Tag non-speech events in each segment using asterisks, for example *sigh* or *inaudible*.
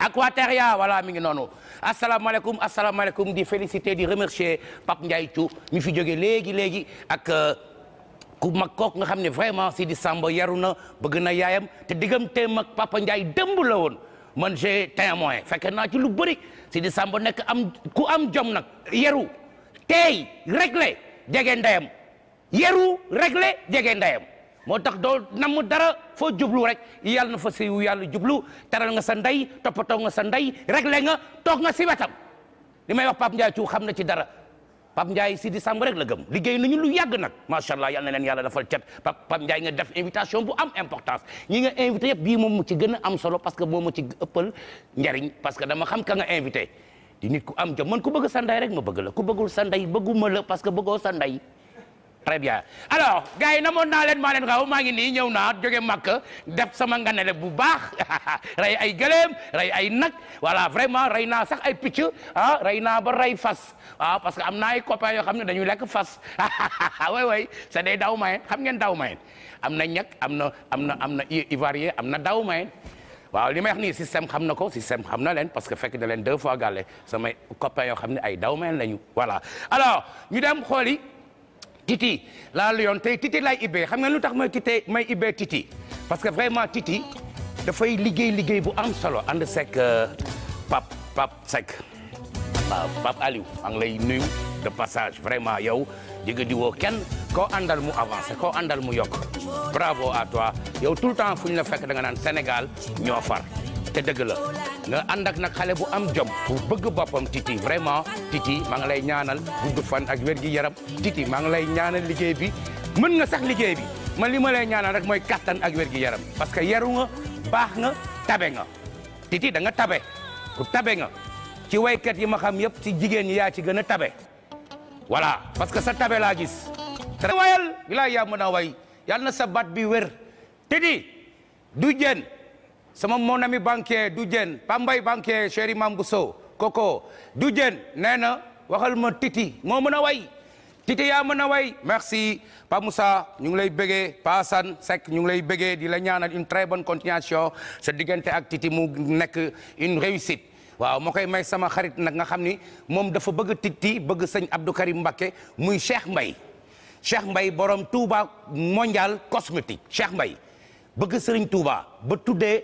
Aquateria voilà mi ngi noonu asalaamaaleykum asalaamaaleykum di féliciter di remercier Pape Ndiaye Thiou mi fi jóge léegi léegi ak euh, ku mag kook nga xam ne vraiment si di Samba yaru na bëgg na yaayam te digganteem ak Papa Ndiaye démb la woon man j'ai témoin fekke naa ci lu bëri si di Samba nekk am ku am jom nag yaru tey réglé jege ndeyam yaru réglé jege ndeyam moo tax doo namm dara foo jublu rek yàlla na fa si yàlla jublu teral nga sa ndey toppatoo nga sa ndey réglé nga toog nga si wetam li may wax Pape Ndiaye ci xam na ci dara Pape Ndiaye si décembre rek la gëm liggéey nañu lu yàgg nag macha allah yal na leen yàlla dafal cet Pape Ndiaye nga def invitation bu am importance ñi nga invité yëpp bii moom ci gën a am solo parce que moom mu ci ëppal njariñ parce que dama xam ka nga invité di nit ku am jom man ku bëgg sa rek ma bëgg la ku bëggul sa ndey bëgguma la parce que bëggoo sa très bien alors gars yi namoon naa leen maa leen xaw maa ngi nii ñëw naa jóge màkk def sama nganale bu baax *laughs* rey ay gëléem rey ay nag voilà vraiment rey naa sax ay picc ah rey na ba rey fas waaw parce que am na ay copains yoo xam ne dañuy lekk fas *laughs* way way c'est des daw mayen xam ngeen daw mayen am na ñag am na am na am na ivoirien am na daw mayen waaw li may wax nii système xam na ko système xam na leen parce que fekk na leen deux fois gàlle samay copains yoo xam ne ay daw ma lañu voilà alors ñu dem xooli titi laa yoon tey titi laay ibbee xam nga lu tax may titee may ibbee titi parce que vraiment titi dafay liggéey liggéey bu am solo ànd sec euh, Pape Pape Seck waaw Pape Aliou lay nuyu de passage vraiment yow jëga di kenn koo àndal mu avancé koo àndal mu yokk bravo à toi yow tout le temps fu ñu la fekk da nga naan Sénégal ñoo far te dëgg la nga ànd nag xale bu am jom bu bëgg boppam titi vraiment titi maa ngi lay ñaanal gudd fan ak wér gi yaram titi maa ngi lay ñaanal liggéey bi mën nga sax liggéey bi man li ma lay ñaanal rek mooy kattan ak wér gi yaram parce que yaru nga baax nga tabe nga titi da nga tabe ku tabe nga ci waykat yi ma xam yëpp ci jigéen ñi yaa ci gën a tabe voilà parce que sa tabe laa gis wayal bi laa yaa mën a way yàlla na sa baat bi wér titi du jën sama mon ami banquier du jën pambay banquier chéri Mambousso koko du jën nee na waxal ma titi moo mën a way titi yaa mën a way merci Pa Moussa ñu ngi lay bëggee Pa sek Seck ñu ngi lay bëggee di la ñaana une très bonne continuation sa diggante ak titi mu nekk une réussite waaw moo koy may sama xarit nag nga xam ni moom dafa bëgg titi bëgg sëñ Abdou Karim Mbacké muy Cheikh mbay Cheikh mbay borom Touba mondial cosmétique Cheikh Mbaye bëgg Serigne Touba ba tuddee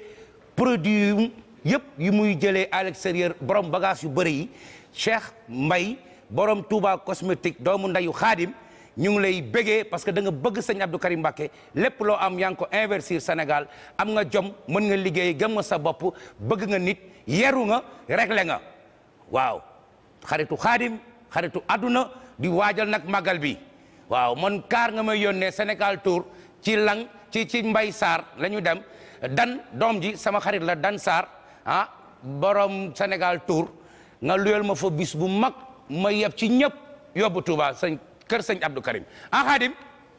produit yu yëpp yu muy jëlee à l'extérieur borom yu bëri yi Cheikh mbay boroom Touba cosmétique doomu ndeyu xaadim ñu ngi lay bëggee parce que danga bëgg sëñ Abdou Karim Mbacké lépp loo am yaa ngi ko investir Sénégal am nga jom mën nga liggéey gëm nga sa bopp bëgg nga nit yeru nga réglé nga waaw xaritu xaadim xaritu àdduna di waajal nag màggal bi waaw man kaar nga may yónnee Sénégal tour ci lang ci ci mbay Sarr lañu dem dan doom ji sama xarit la dan saar ah borom Sénégal tour nga luyal ma fa bis bu mag ma yeb ci ñëpp yobbu Touba sëñ kër sëñ Abdou Karim ah Xaadim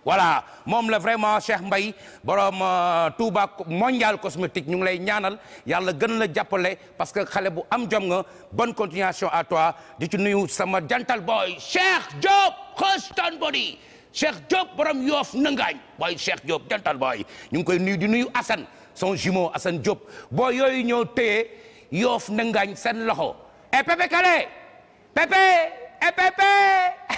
voilà moom la vraiment Cheikh mbay borom euh, Touba mondial cosmétique ñu ngi lay ñaanal yàlla gën la jàppale parce que xale bu am jom nga bon continuation à toi di ci nuyu sama jantal boy Cheikh Diop Houston Body Cheikh Diop borom yoof nëngaañ boy Cheikh Diop jantal boy ñu ngi koy di nuyu Assane son jumeau Assane Diop boo yooyu ñoo téye yoof na ngaañ loxo e eh, Pepe Kale Pepe e eh, Pepe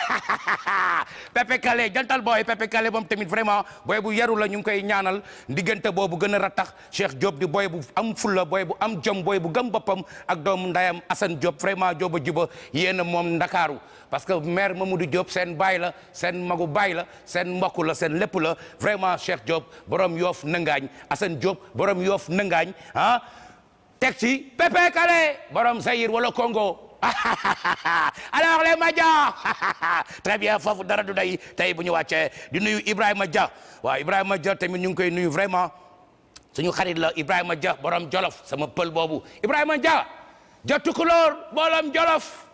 *laughs* Pepe Kale jantal booy Pepe Kale moom tamit vraiment booy bu yaru la ñu ngi koy ñaanal diggante boobu gën a rattax Cheikh Diop di booy bu am fulla booy bu am jom booy bu gam boppam ak doomu ndayam Assane Diop vraiment Diop juba yéen moom Ndakaaru parce que maire Mamadou Diop seen baay la seen magu baay la seen mbokk la seen lépp la vraiment Cheikh Diop borom yoof nangaañ asan Diop borom yoof nëngaañ ah Pepe Kale borom Zaïre wala Congo *laughs* alors les Madia *laughs* très bien foofu dara du day tey bu ñu wàccee di nuyu Ibrahima Dia waa Ibrahima Dia tamit ñu ngi koy nuyu vraiment suñu xarit la Ibrahima Dia borom Jolof sama pël boobu Ibrahima Dia Dia Tukulóor borom Jolof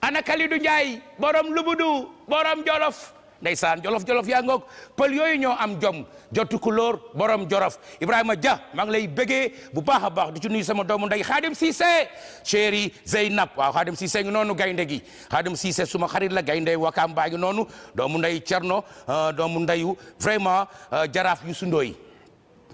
ana du Ndiaye borom Lubudu borom Jolof ndeysaan jolof jolof yaa ngoog pël yooyu ñoo am jom jotu kulóor borom jorof Ibrahima Dia maa ngi lay bëggee bu baax a baax di ci nuyu sama doomu nday Xaadim Cissé chéri Zeynab waaw Xaadim Cissé ngi noonu gaynde gi Xaadim Cissé suma xarit la gaynde wakaam baa ngi noonu doomu nday Cerno euh, doomu ndayu vraiment euh, jaraaf yu sundooy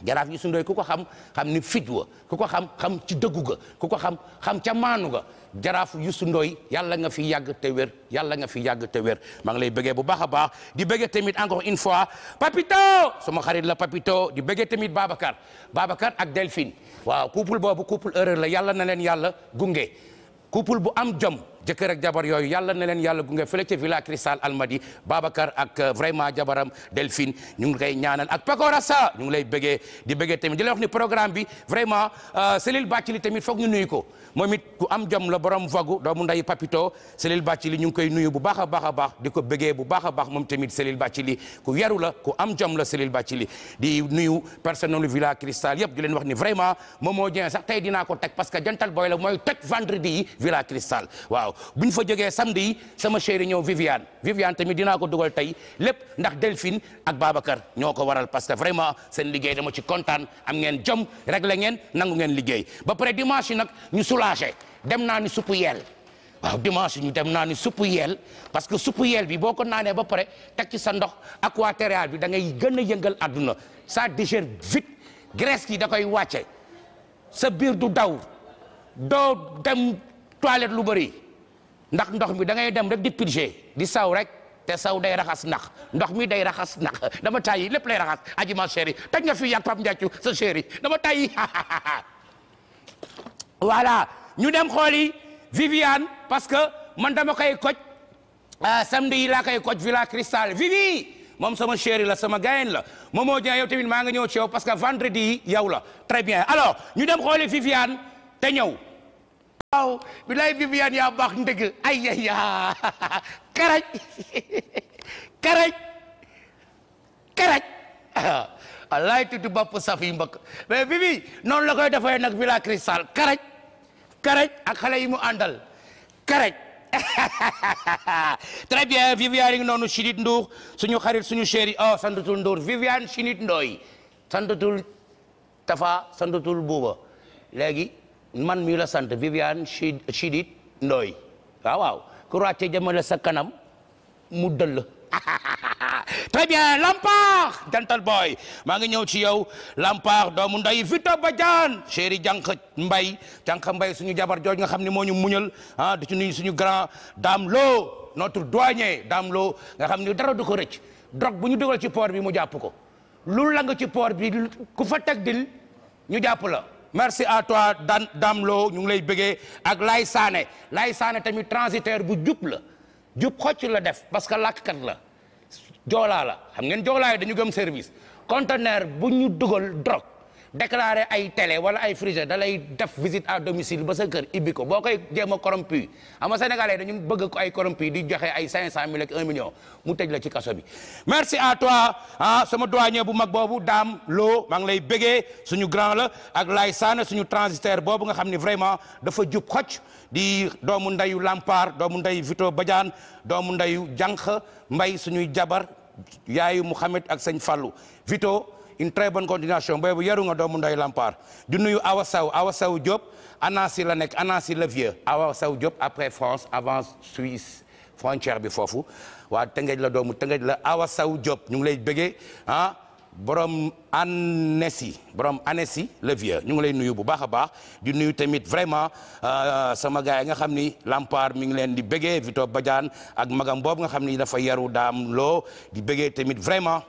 jaraaf yu sundooy ku ko xam xam ni fij ku ko xam xam ci dëggu ga ku ko xam xam ca maanu ga jaraafu Youssou Ndoye yàlla nga fi yàgg te wér yàlla nga fi yàgg te wér maa ngi lay bëggee bu baax a baax di bëggee tamit encore une fois Papito sama xarit la Papito di bëggee tamit Babacar Babacar ak Delphine waaw couple boobu couple heureux la yàlla na leen yàlla gunge couple bu am jom. jëkkër ak jabar yooyu yàlla na leen yàlla gunge fële ca Villa Cristal Almadi Babacar ak euh, vraiment jabaram Delphine ñu ngi koy ñaanal ak Pecora Sa ñu ngi lay bëggee di bëggee tamit di la wax ni programme bi vraiment euh, Cellil Bathily tamit foog ñu nuyu ko moom it ku am jom la borom vagu doomu nday Papito Cellil Bathily ñu ngi koy nuyu bu baax a baax a baax di ko bëggee bu baax baax moom tamit Cellil Bathily ku yaru la ku am jom la Cellil Bathily di nuyu personnel Villa Cristal yëpp di leen wax ni vraiment moom moo jëm sax tey dinaa ko teg parce que jantal boy la mooy toj vendredi yi Villa bu ñu fa jógee samedi yi sama chéri ñëw Viviane Viviane tamit dinaa ko dugal tey lépp ndax Delphine ak Babacar ñoo ko waral parce que vraiment seen liggéey dama ci kontaan am ngeen jom réglé ngeen nangu ngeen liggéey ba pare dimanche nag ñu soulagé dem naa ni suppu yeel waaw dimanche ñu dem naa ni suppu yeel parce que suppu yeel bi boo ko naanee ba pare teg ci sa ndox ak aquaterral bi da ngay gën a yëngal àdduna ça digère vite graisse ki da koy wàcce sa biir du daw doo dem lu bëri ndax ndox mi da ngay dem rek di purger di saw rek te saw day raxas ndax ndox mi day raxas ndax dama tàyyi lépp lay raxas aji ma chéri taj nga fi yàgg Pape Ndiacu sa chéri dama tàyyi *laughs* voilà ñu dem xooli Viviane parce que man dama koy koj ah, samedi yi laa koy koj Villa Cristal Vivi moom sama chéri la sama gayen la Momo Dia yow tamit maa nga ñëw ci yow parce que vendredi yi yow la très bien alors ñu dem xooli Viviane te ñëw waaw bilaay Viviane yaa baax ndëgg ay ya ya karaj karaj karaj wallaay tuddu bopp saf yi mbokk mais Vivi noonu la koy defee nag Villa Cristal karaj karaj ak xale yi mu àndal karaj *laughs* très bien Viviane yi ngi noonu Chinit Ndour suñu xarit suñu chéri oh santatul Ndour Viviane Chinit Ndoy santatul Tafa santatul Buuba léegi man mii la sant Viviane Chidid Ndoy waaw waaw ku ràcce jëmale sa kanam mu dëll *laughs* très bien Lampard Dental Boy maa ngi ñëw ci yow Lampard doomu nday Vito Badiane chéri jànq mbay jànq mbay suñu jabar jooj nga xam ne moo ñu muñal ah di ci suñu grand Dame Lo notre douanier Dame Lo nga xam ne dara du ko rëcc drogue bu ñu dugal ci port bi mu jàpp ko lu la nga ci port bi ku fa teg dil ñu jàpp la merci à toi Dan Damlo ñu ngi lay bëggee ak Lay Sané Lay Sané tamit transitaire bu jub la jub xocc la def parce que làkkat la joolaala xam ngeen joolaa yi dañu gëm service conteneur bu ñu dugal drogue déclaré ay télé wala ay frigidaire da lay def visite à domicile ba sa ibbi ko boo koy jéem a corrompu xam nga dañu bëgg ko ay corrompu di joxe ay 500 mille ak 1 million mu tëj la ci kaso bi. merci à toi ah sama doyen bu mag boobu daam Lo maa ngi lay bëggee suñu grand la ak Laye Sane suñu transitaire boobu nga xam ni vraiment dafa jub xocc di doomu ndeyu Lampar doomu ndeyu Vito Badiane doomu ndayu Jànq Mbay suñuy jabar yaayu Mouhamed ak sëñ Fallou Vito. une très bonne continuation booy bu yaru nga doomu ndoy Lampaar du nuyu Awa Saw Awa Saw Diop Anansi la nekk Anansi le vieux Awa Saw Diop après France avant Suisse frontière bi foofu waa Tëngéej la doomu Tëngéej la Awa Saw Diop ñu ngi lay bëggee ah borom Annecy borom Annecy le vieux ñu ngi lay nuyu bu baax a baax di nuyu tamit vraiment euh, sama gars yi nga xam ni Lampaar mi ngi leen di bëggee Vito Badiane ak magam boobu nga xam ni dafa yaru daam loo di bëggee tamit vraiment.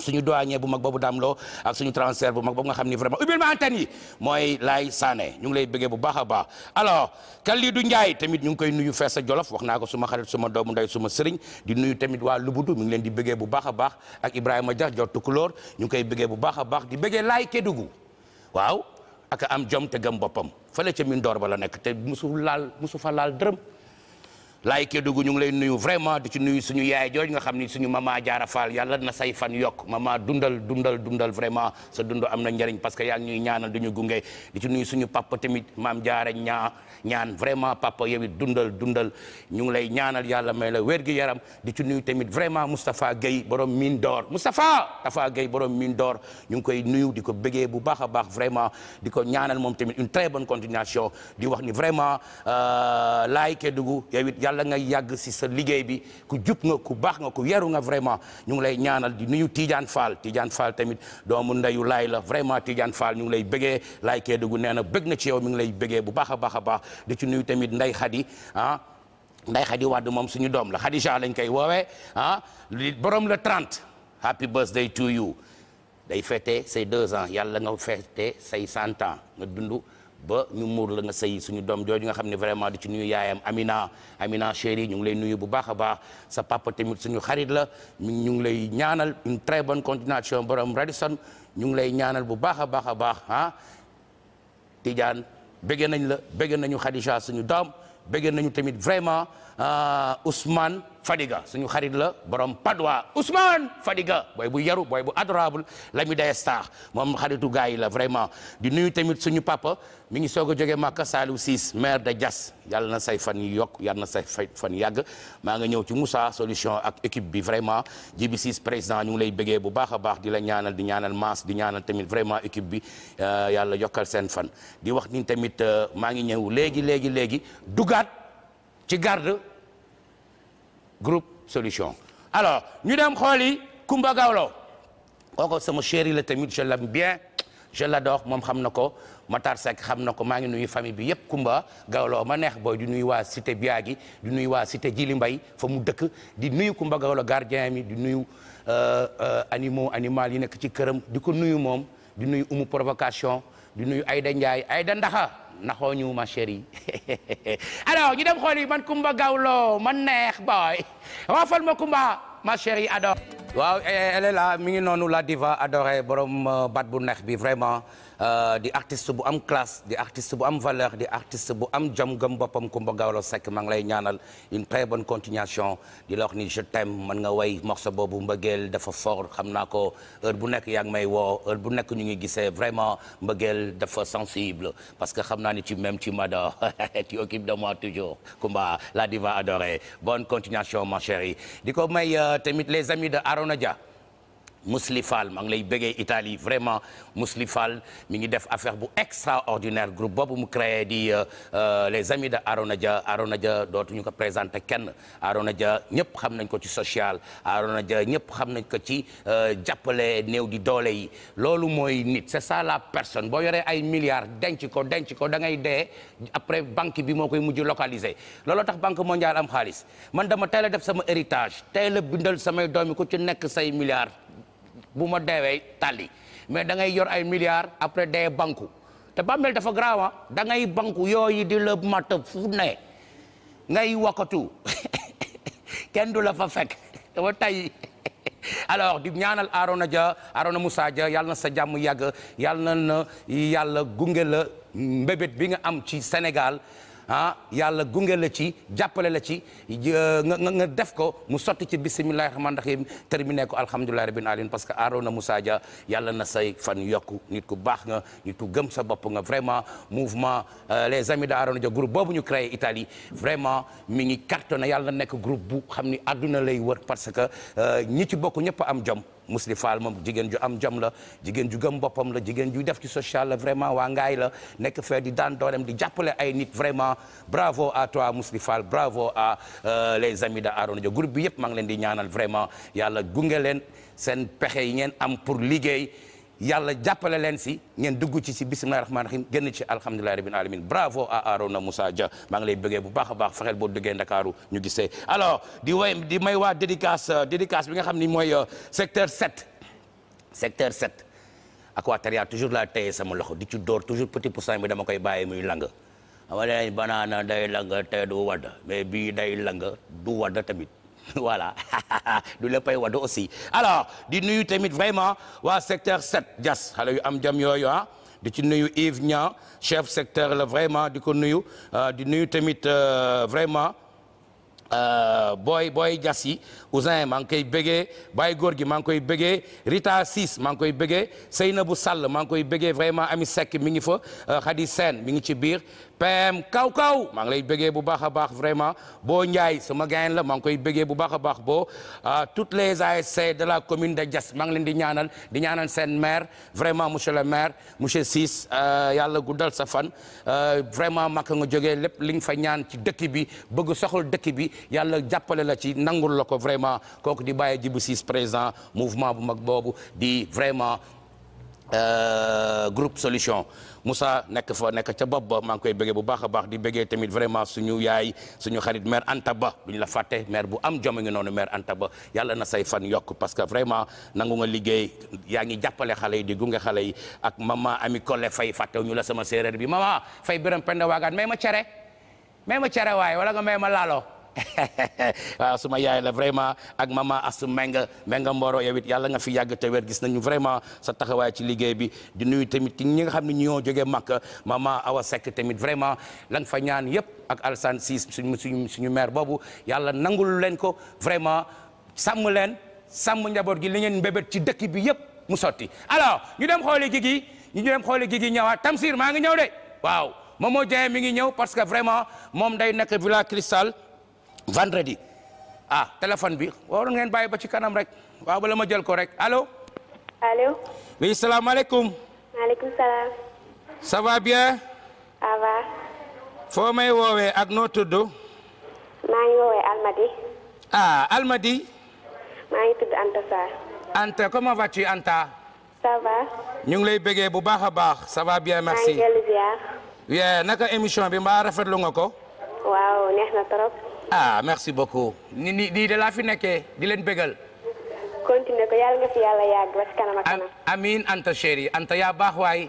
suñu doyen bu mag boobu daamloo ak suñu transfert bu mag boobu nga xam ni vraiment ubbil ma antenne yi mooy Laay Sané ñu ngi lay bëggee bu baax a baax alo alors Kalidou Ndiaye tamit ñu ngi koy nuyu fees a jolof wax naa ko suma xarit suma doomu ndey suma sëriñ di nuyu tamit waa Lubudu mu ngi leen di bëggee bu baax a baax ak Ibrahima Dia jot tukulóor ñu ngi koy bëggee bu baax a baax di bëggee Laay Kédougou waaw ak am jom te gëm boppam fële ca min door ba la nekk te musu laal musu fa laal dërëm laay Kédougou ñu ngi lay nuyu vraiment di ci nuyu suñu yaay jooj nga xam ni suñu mama Jaara Faal yàlla na say fan yokk mamaa dundal dundal dundal vraiment sa dund am na njëriñ parce que yaa ngi ñuy ñaanal du ñu gunge di ci nuyu suñu papa tamit maam Jaara ñaa ñaan vraiment papa yow dundal dundal ñu ngi lay ñaanal yàlla may la wér gi yaram di ci nuyu tamit vraiment Moustapha Guèye borom mine d'or Moustapha Tafa Guèye borom mine d'or ñu ngi koy nuyu di ko bëggee bu baax a baax vraiment di ko ñaanal moom tamit une très bon continuation di wax ni vraiment euh, laay Kédougou yow it yàlla nga yàgg si sa liggéey bi ku jub nga ku baax nga ku yeru nga vraiment ñu ngi lay ñaanal di nuyu Tidiane Fall Tidiane Fall tamit doomu ndeyu laay la vraiment Tidiane Fall ñu ngi lay bëggee laay Kédougou nee na bëgg na ci yow mi ngi a di ci nuyu tamit nday Xadi ah nday Xadi Wade moom suñu doom la Xadija lañ koy woowee ah borom le 30 happy birthday to you day fete say deux ans yàlla nga fêté say cent ans nga dund ba ñu muur la nga sëy suñu doom jooju nga xam ne vraiment di ci nuyu yaayam Amina Amina chérie ñu ngi lay nuyu bu baax a baax sa papa tamit suñu xarit la ñu ngi lay ñaanal une très bonne continuation borom Radisson ñu ngi lay ñaanal bu baax a baax a baax ah Tidiane bëgg nañ la bëgg nañu Khadija suñu doom bëgg nañu tamit vraiment Ousmane uh, Fadiga suñu xarit la borom Padois Ousmane Fadiga booy bu yaru booy bu adorable l'ami des stars moom xaritu gars yi la vraiment di nuyu tamit suñu papa mi ngi soog a jógee Màkka Saliou Ciss maire de Diass yàlla na say fan yi yokk yàlla na say fan yàgg maa ngi ñëw ci Moussa solution ak équipe bi vraiment Djibi Ciss président ñu ngi lay bëggee bu baax a baax di la ñaanal di ñaanal maas di ñaanal tamit vraiment équipe bi euh, yàlla yokkal seen fan di wax ni tamit euh, maa ngi ñëw léegi léegi léegi ci garde group solution alors ñu dem xool yi Kumba Gawlo kooko sama chéri la tamit je l'aime bien je l'adore moom xam na ko Matar Seck xam na ko maa ngi nuyu famille bi yëpp Kumba Gawlo ma neex booy di nuyu waa cité Biagi di nuyu waa cité Jili Mbay fo mu dëkk di nuyu Kumba Gawlo gardien mi di nuyu euh, euh, animaux animal yi nekk ci këram di ko nuyu moom di nuyu umu provocation di nuyu Ayda Ndiaye Ayda Ndaxa naxoo ñu ma chérie *laughs* alors ñu dem xool man Kumba Gawlo man neex boy rafal ma Kumba ma chérie adore waaw elle mi ngi noonu la diva adorée borom euh, bat bu neex bi vraiment Euh, di artiste bu am classe di artiste bu am valeur di artiste bu am jom gëm boppam Coumba Gawlo Seck maa ngi lay ñaanal une très bonne continuation di la wax ni je t'aime mën nga way morceau boobu mbëggeel dafa fort xam naa ko heure bu nekk yaa ngi may woo heure bu nekk ñu ngi gisee vraiment mbëggeel dafa sensible parce que xam naa ni tu m'aimes tu m'adores *laughs* tu occupes de moi toujours Coumba la diva adorée bonne continuation ma chérie di ko may euh, tamit les amis de Arona Dia Mousli Fall maa ngi lay bëggee Italie vraiment Mousli Fall mi ngi def affaire bu extraordinaire group boobu mu créé di euh, euh, les amis de Arona Dia Arona Dia dootuñu ko présenté kenn Arona ja ñëpp xam nañ ko ci social Arona Dia ñëpp xam nañ ko ci euh, jàppale néew di doole yi loolu mooy nit c'est ça la personne boo yoree ay milliards denc ko denc ko da ngay dee après banque bi moo koy mujj localiser looloo tax banque mondiale am xaalis man dama teel a def sama héritage teel a bindal samay doomi ku ci nekk say milliards bu ma deewee tali mais da ngay yor ay milliards après dee banku te bàmmeel dafa grave ah. da ngay banku yooyu di la mat fu ne wakkatu *laughs* kenn du la fa fekk dama *laughs* tay *laughs* alors di ñaanal Arona Dia aroona Moussa Dia yàlla na sa jàmm yàgg yàlla na yàlla gunge la mbébét bi nga am ci Sénégal ah yàlla gunge la ci jàppale la ci nga nga def ko mu sotti ci bisimilahi rahmaani rahim terminé ko alhamdulilahi rabbil alamin parce que Arona na Dia yàlla na say fan yokku nit ku baax nga nit ku gëm sa bopp nga vraiment mouvement euh, les amis de Arona Dia groupe boobu ñu créé itali vraiment mi ngi cartonné yàlla nekk groupe bu xam ni àdduna lay wër parce que euh, ñi ci bokk ñëpp am jom Mousli Fall moom jigéen ju am jom la jigéen ju gëm boppam la jigéen ju def ci social la vraiment waa ngaay la nekk fee di daan doolem di jàppale ay nit vraiment bravo à toi Mousli Fall bravo à euh, les amis de Arona Dia groupe bi yëpp maa ngi leen di ñaanal vraiment yàlla gunge leen seen pexe yi ngeen am pour liggéey yàlla jàppale leen si ngeen dugg ci si bisimilah rahmaani rahiim génn ci alhamdulilah rabbil alamin bravo à Arona musa Dia maa ngi lay bëggee bu baax a baax fexeel boo duggee Ndakaaru ñu gisee alors di way di may waa dédicas euh, dédicace bi nga xam ni mooy euh, secteur 7 secteur ak Aquateria toujours laa téye sama loxo di ci door toujours petit pourcent bi dama koy bàyyi muy lang ama leen banaana day lang te du wadd mais bi day lang du wadd tamit *laughs* voilà du léppay wadu aussi alors di nuyu tamit vraiment waa secteur 7 jas xale yu am jam yooyu ah di ci nuyu Yves Niang chef secteur la vraiment di ko nuyu euh, di nuyu tamit euh, vraiment euh, booy booy jas yi Ousin maa ngi koy bëggee Baye góor gi maa ngi koy bëggee Rita Sis maa ngi koy bëggee bu Sall maa ngi koy bëggee vraiment Ami Seck mi ngi fa Khady sen mi ngi ci biir PM kaw kaw maa ngi lay bëggee bu baax a baax vraiment boo Ndiaye sama gain la maa ngi koy bëggee bu baax a baax boo ah, toutes les ASC de la commune de Diass maa leen di ñaanal di ñaanal seen maire vraiment monsieur le maire monsieur Ciss ah, yàlla guddal sa fan ah, vraiment makka nga jógee lépp li nga fa ñaan ci dëkk bi bëgg soxal dëkk bi yàlla jàppale la ci nangul la ko vraiment kooku di bàyyi Djibu Ciss président mouvement bu mag boobu di vraiment Euh, groupe solution mussa nekk fa nekk ca bopp ba maa ngi koy bëggee bu baax a baax di bëggee tamit vraiment suñu yaay suñu xarit mère Anta Ba duñ la fàtte mère bu am jom ngi noonu mère Anta Ba yàlla na say fan yokk parce que vraiment nangu nga liggéey yaa ngi jàppale xale yi di gunge xale yi ak maman Ami Collé Faye fàttewu ñu la sama séeréer bi maman fay Birame Penda Waagaan may ma cere may ma cere waaye wala nga may ma laalo *laughs* waaw suma yaay la vraiment ak mama asu menga menga Mboro yow it yàlla nga fi yàgg te wér gis nañu vraiment sa taxawaay ci liggéey bi di nuyu tamit ñi nga xam ne ñoo jógee Makka mama Awa Seck tamit vraiment la nga fa ñaan yëpp ak Alassane Ciss suñu suñu suñu maire boobu yàlla nangul leen ko vraiment sàmm leen sàmm njaboot gi li ngeen mbébét ci dëkk bi yëpp mu sotti alors ñu dem xooli gigi ñu dem xooli gigi ñëwaat Tamsir maa ngi ñëw de waaw Momo Dieng mi ngi ñëw parce que vraiment vendredi ah téléphone bi waroon ngeen bàyyi ba ci kanam rek waaw ma jël ko rek alo allo. oui salaamaaleykum. maaleykum salaam. foo may woowee ak noo tudd. maa ngi woowee Almadi. ah Almadi. maa ngi tudd Anta Sarr. Anta comment vas-tu Anta. ça va. ñu ngi lay bëggee bu baax a baax. ça va bien merci. maa naka émission bi mbaa rafetlu nga ko. waaw neex na trop. Ah, merci beaucoup. ni ni nii de laa fi nekkee di leen bégal. continué ko yàlla nga fi yàlla yàgg ba ci kanam ak kanam. Anta chérie Anta yaa baax waay.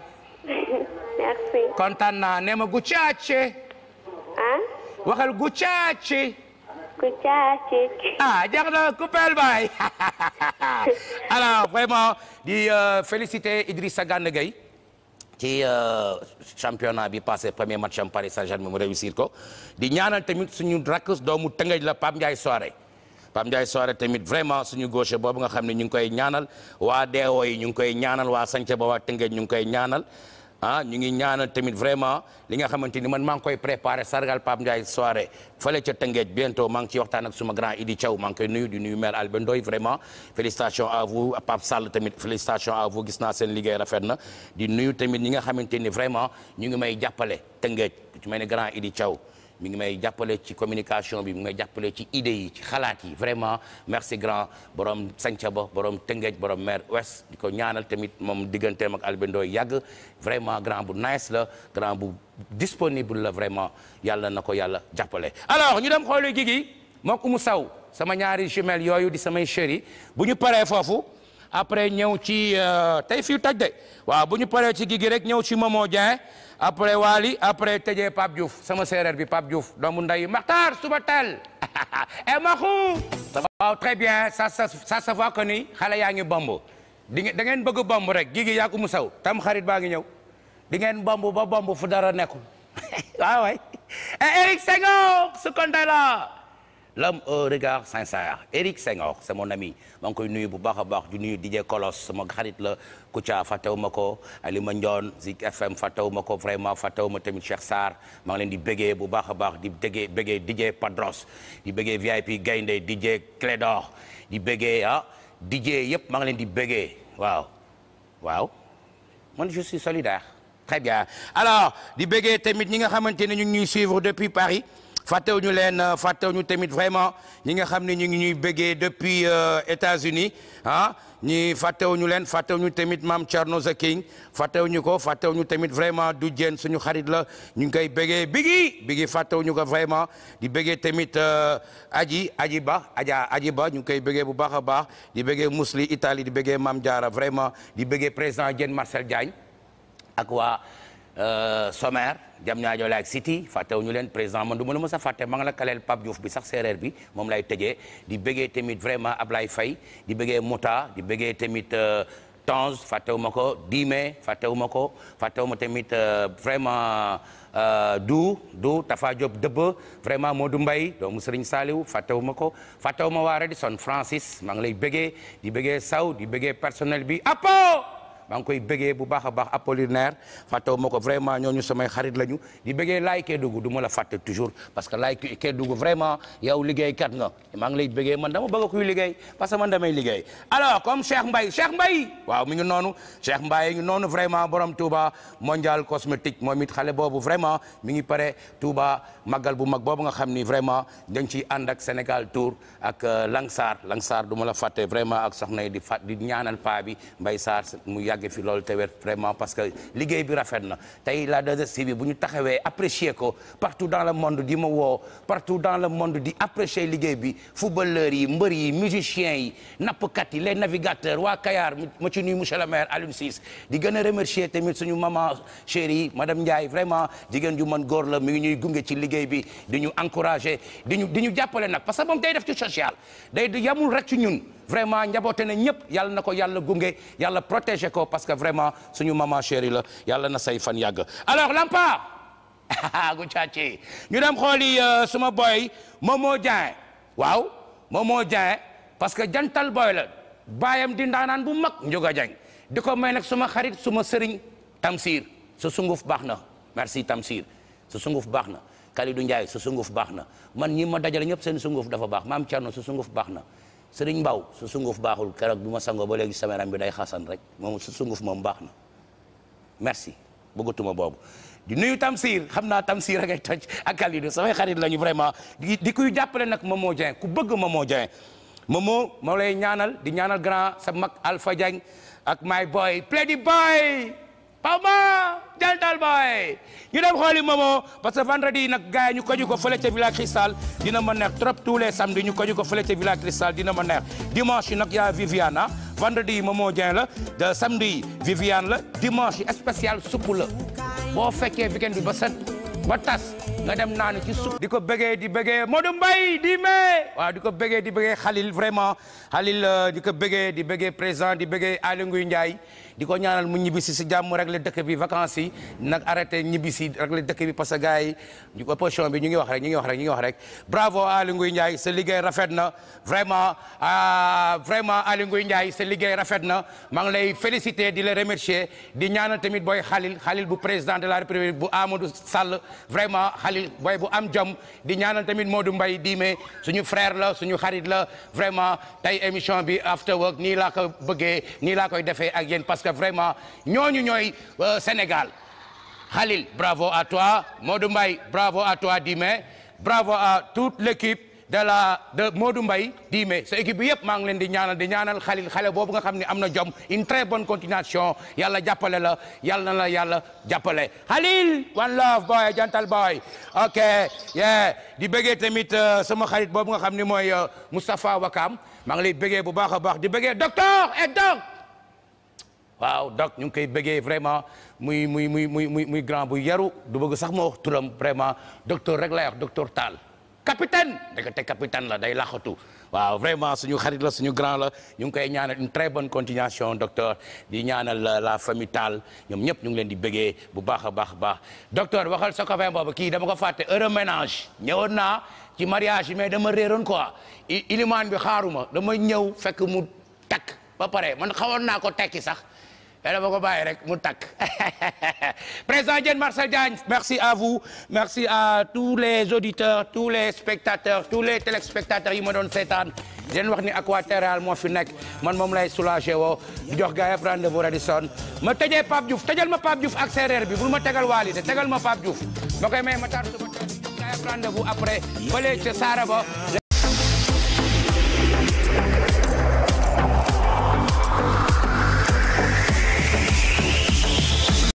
*laughs* merci. kontaan naa nee ma gu ah. waxal gu caace. gu caace. ah na coupel baay *laughs* alors vraiment di euh, féliciter Idrissa Gana Gueye. ci euh, championnat bi passé premier match am Paris Saint-Germain mu réussir ko di ñaanal tamit suñu rakk doomu Tëngéej la Pape Ndiaye Soare Pape Ndiaye Soare tamit vraiment suñu gauche boobu nga xam ne ñu ngi koy ñaanal waa Deewo yi ñu ngi koy ñaanal waa sance ba waa Tëngéej ñu ngi koy ñaanal ah ñu ngi ñaana tamit vraiment li nga xamante ni man maa ngi koy préparé sargal Pape Ndiaye soirée fële ca Tëngéej bientôt maa ngi ciy waxtaan ak suma grand Idi Thiaw maa koy nuyu di nuyu maire Albé vraiment félicitations à vous Pape Sall tamit félicitations à gis naa seen liggéey rafet na di nuyu tamit ñi nga xamante ni vraiment ñu ngi may jàppale Tëngéej ci may ne grand Idi caw mi ngi may jàppale ci communication bi mi nga may jàppale ci idées yi ci xalaat yi vraiment merci grand borom sanca ba borom tëngeej borom maire ouest di ko ñaanal tamit moom digganteem ak albendooy yàgg vraiment grand bu nice la grand bu disponible la vraiment yàlla na ko yàlla jàppale alors ñu dem xoolu gigi mook umu saw sama ñaari jumelle yooyu di samay chéri bu ñu paree foofu après ñëw ci euh, tey fii taj de waaw bu ñu paree ci gigi rek ñëw ci Momo Dieng après Waly après tëjee Pape Diouf sama séeréer bi Pape Diouf doomu nday Maxtaar suba teel *laughs* e maxu waaw très bien ça ça ça se ni xale yaa ngi bomb di da ngeen bëgg bomb rek gigi yaa ko mu saw tam xarit baa ngi ñëw di ngeen bomb ba bomb fu dara nekkul *laughs* waaw e eh, Eric Senghor su l'homme au regard sincère Éric Senghor c'est mon ami maa koy nuyu bu baax a baax di nuyu DJ Kolos sama xarit la Kouthia fàttewu ma ko Alima Ndion Zik FM fàttewu ma ko vraiment fàttewu ma tamit Cheikh Sarr maa leen di bëggee bu baax a baax di déggee bëggee DJ Padros di bëggee VIP Gaynde DJ Clédor di bëggee ah DJ yëpp maa ngi leen di bëggee waaw waaw man je suis solidaire très bien alors di bëggee tamit ñi nga xamante ne ñu ngi ñuy suivre depuis Paris fàttewuñu leen euh, ñu tamit vraiment ñi nga xam ne ñu ngi ñuy bëggee depuis euh, États-Unis ah ñi fàttewuñu leen ñu tamit maam Thierno Zaking fàttewuñu ko fàttewuñu tamit vraiment du jeen suñu xarit la ñu ngi koy bëggee bigi bigi fàttewuñu ko vraiment di bëggee tamit euh, aji aji ba aja aji ba ñu ngi koy bëggee bu baax a baax di bëggee Mousli itali di bëggee maam Diarra vraiment di bëggee président Diène Marcel Diagne ak Euh, sommaire Diamniadio la ak City ñu leen président man du ma la mës ma nga la kaleel Pape Diouf bi sax séeréer bi moom lay tëjee di bëggee tamit vraiment ab Ablaye Faye di bëggee Mouta di bëggee tamit euh, Tange ma ko Dime ma ko ma tamit euh, vraiment du du Tafa Diop dëbb vraiment Modou Mbaye doomu Serigne Saliou ma ko fàttewuma waa Radisson Francis maa ngi lay bëggee di bëggee Sow di bëggee personnel bi apo maa ngi koy bëggee bu baax a baax Apollinaire fàttewu ma ko vraiment ñooñu samay xarit lañu di bëggee laay Kédougou du duma la fàtte toujours parce que laay Kédougou vraiment yow liggéeykat nga maa ngi lay bëggee man dama bëgg kuy liggéey parce que man damay liggéey alors comme Cheikh Mbaye Cheikh Mbaye waaw mi ngi noonu Cheikh Mbaye ngi noonu vraiment borom Touba mondial cosmétique moom it xale boobu vraiment mi ngi pare Touba màggal bu mag boobu nga xam ni vraiment dañ ciy ànd ak Sénégal Tour ak euh, Langsar Langsar du ma la fàtte vraiment ak soxna yi di fat ñaanal paa bi Mbaye Sarr mu yàgg yàgg fi loolu te wet vraiment parce que liggéey bi rafet na tey la 2STV bu ñu taxawee apprécier ko partout dans le monde di ma woo partout dans le monde di apprécier liggéey bi footballeurs yi mbër yi musiciens yi nappkat yi les navigateurs waa Kayar ma ci nuyu monsieur le maire di gën a remercier tamit suñu maman chérie madame Ndiaye vraiment jigéen ju mën góor la mi ñuy gunge ci liggéey bi di ñu encourager di ñu jàppale nag parce que moom parce que vraiment suñu maman chérie la yàlla na say fan yàgg alors Lampa *laughs* gu caaci ñu dem xooli euh, suma boy Momo Dieng waaw moo Dieng parce que jantal boy la baayam di ndaanaan bu mag Njuga Dieng di ko may nag suma xarit suma sëriñ Tamsir su sunguf baax na merci Tamsir su sunguf baax na Kalidou Ndiaye su sunguf baax na man ñi ma dajale ñëpp seen sunguf dafa baax maam Thierno su sunguf baax na sëriñ Mbaw su sunguf baaxul keroog bi ma sangoo ba léegi sama yaram bi day xasan rek moom su sunguf moom baax na merci bëggatuma boobu di nuyu Tamsir xam naa Tamsir ak ay toj ak Kalidou samay xarit lañu vraiment di di kuy jàppale nag moom moo Dieng ku bëgg Momo Dieng Momo moo lay ñaanal di ñaanal grand sa mag Alpha Dieng ak my boy Plaidy Boy Pama Deltal Boy ñu dem xooli Momo parce que vendredi nag gars yi ñu koju ko fële ca Villa Cristal dina ma neex trop tous les samedis ñu ko fële ca Villa Cristal dina ma neex dimanche yi nag yaa Viviana vendredi Momo Dieng la de samedi Viviane la dimanche spécial supp la boo fekkee weekend bi ba set ba tas nga dem naanu ci supp di ko bëggee di bëggee Modou Mbaye di mee waa di ko bëggee di bëggee Khalil vraiment Khalil euh, di ko bëggee di bëggee président di bëggee Aly Ngouille Ndiaye di ko ñaanal mu ñibbisi si jàmm rek la dëkk bi vacances yi nag arrêté ñibbisi rek la dëkk bi parce que gars yi bi ñu ngi wax rek ñu ngi wax rek ñu ngi wax rek bravo Aly Ngouille Ndiaye sa liggéey rafet na vraiment ah, vraiment Aly Ngouille Ndiaye sa liggéey rafet na maa ngi lay féliciter di la remercier di ñaanal tamit booy xalil bu président de la république bu Amadou Sall vraiment xalil booy bu am jom di ñaanal tamit moo Modou Mbaye diime suñu frère la suñu xarit la vraiment tey émission bi after work nii laa ko bëggee nii laa koy defee que vraiment ñooñu ñooy euh, Sénégal Khalil bravo à toi Modou Mbaye bravo à toi Dimé bravo à toute l'équipe de la de Modou Mbaye Dimé sa équipe bi yëpp maa ngi leen di ñaanal di ñaanal Khalil xale boobu nga xam ne am na jom une très bonne continuation yàlla jàppale la yàlla na la yàlla jàppale Khalil one love boy jantal boy ok yeah di bëggee tamit euh, sama xarit boobu nga xam ni mooy euh, Moustapha Wakam maa ngi lay bu baax a baax di bëggee docteur et donc waaw donc ñu ngi koy bëggee vraiment muy muy muy muy muy muy grand bu yaru du bëgg sax moo wax turam vraiment docteur rek lay wax docteur Tall capitaine dëgg te capitaine la day laxatu waaw vraiment suñu xarit la suñu grand la ñu ngi koy ñaanal une très bonne continuation docteur di ñaanal la famille Tall ñoom ñëpp ñu ngi leen di bëggee bu baax a baax a baax docteur waxal sa copain boobu kii dama ko fàtte heureux ménage ñëwoon naa ci mariage yi mais dama réeroon quoi ilimaan bi xaaruma dama ñëw fekk mu takk ba pare man xawoon naa ko tekki sax dana ma ko rek mu takk *laughs* président Diène Marcel Diagne merci à vous merci à tous les auditeurs tous les spectateurs tous les téléspectateurs yi ma doon seetaan di leen wax ni Aquaterral moo fi nekk man moom lay soulagé woo jox gars yëpp rendez-vous ma tëjee Pape Diouf tëjal ma Pape Diouf ak séeréer bi bul ma tegal waali de tegal ma Pape ma koy may ma taatu après fële Saraba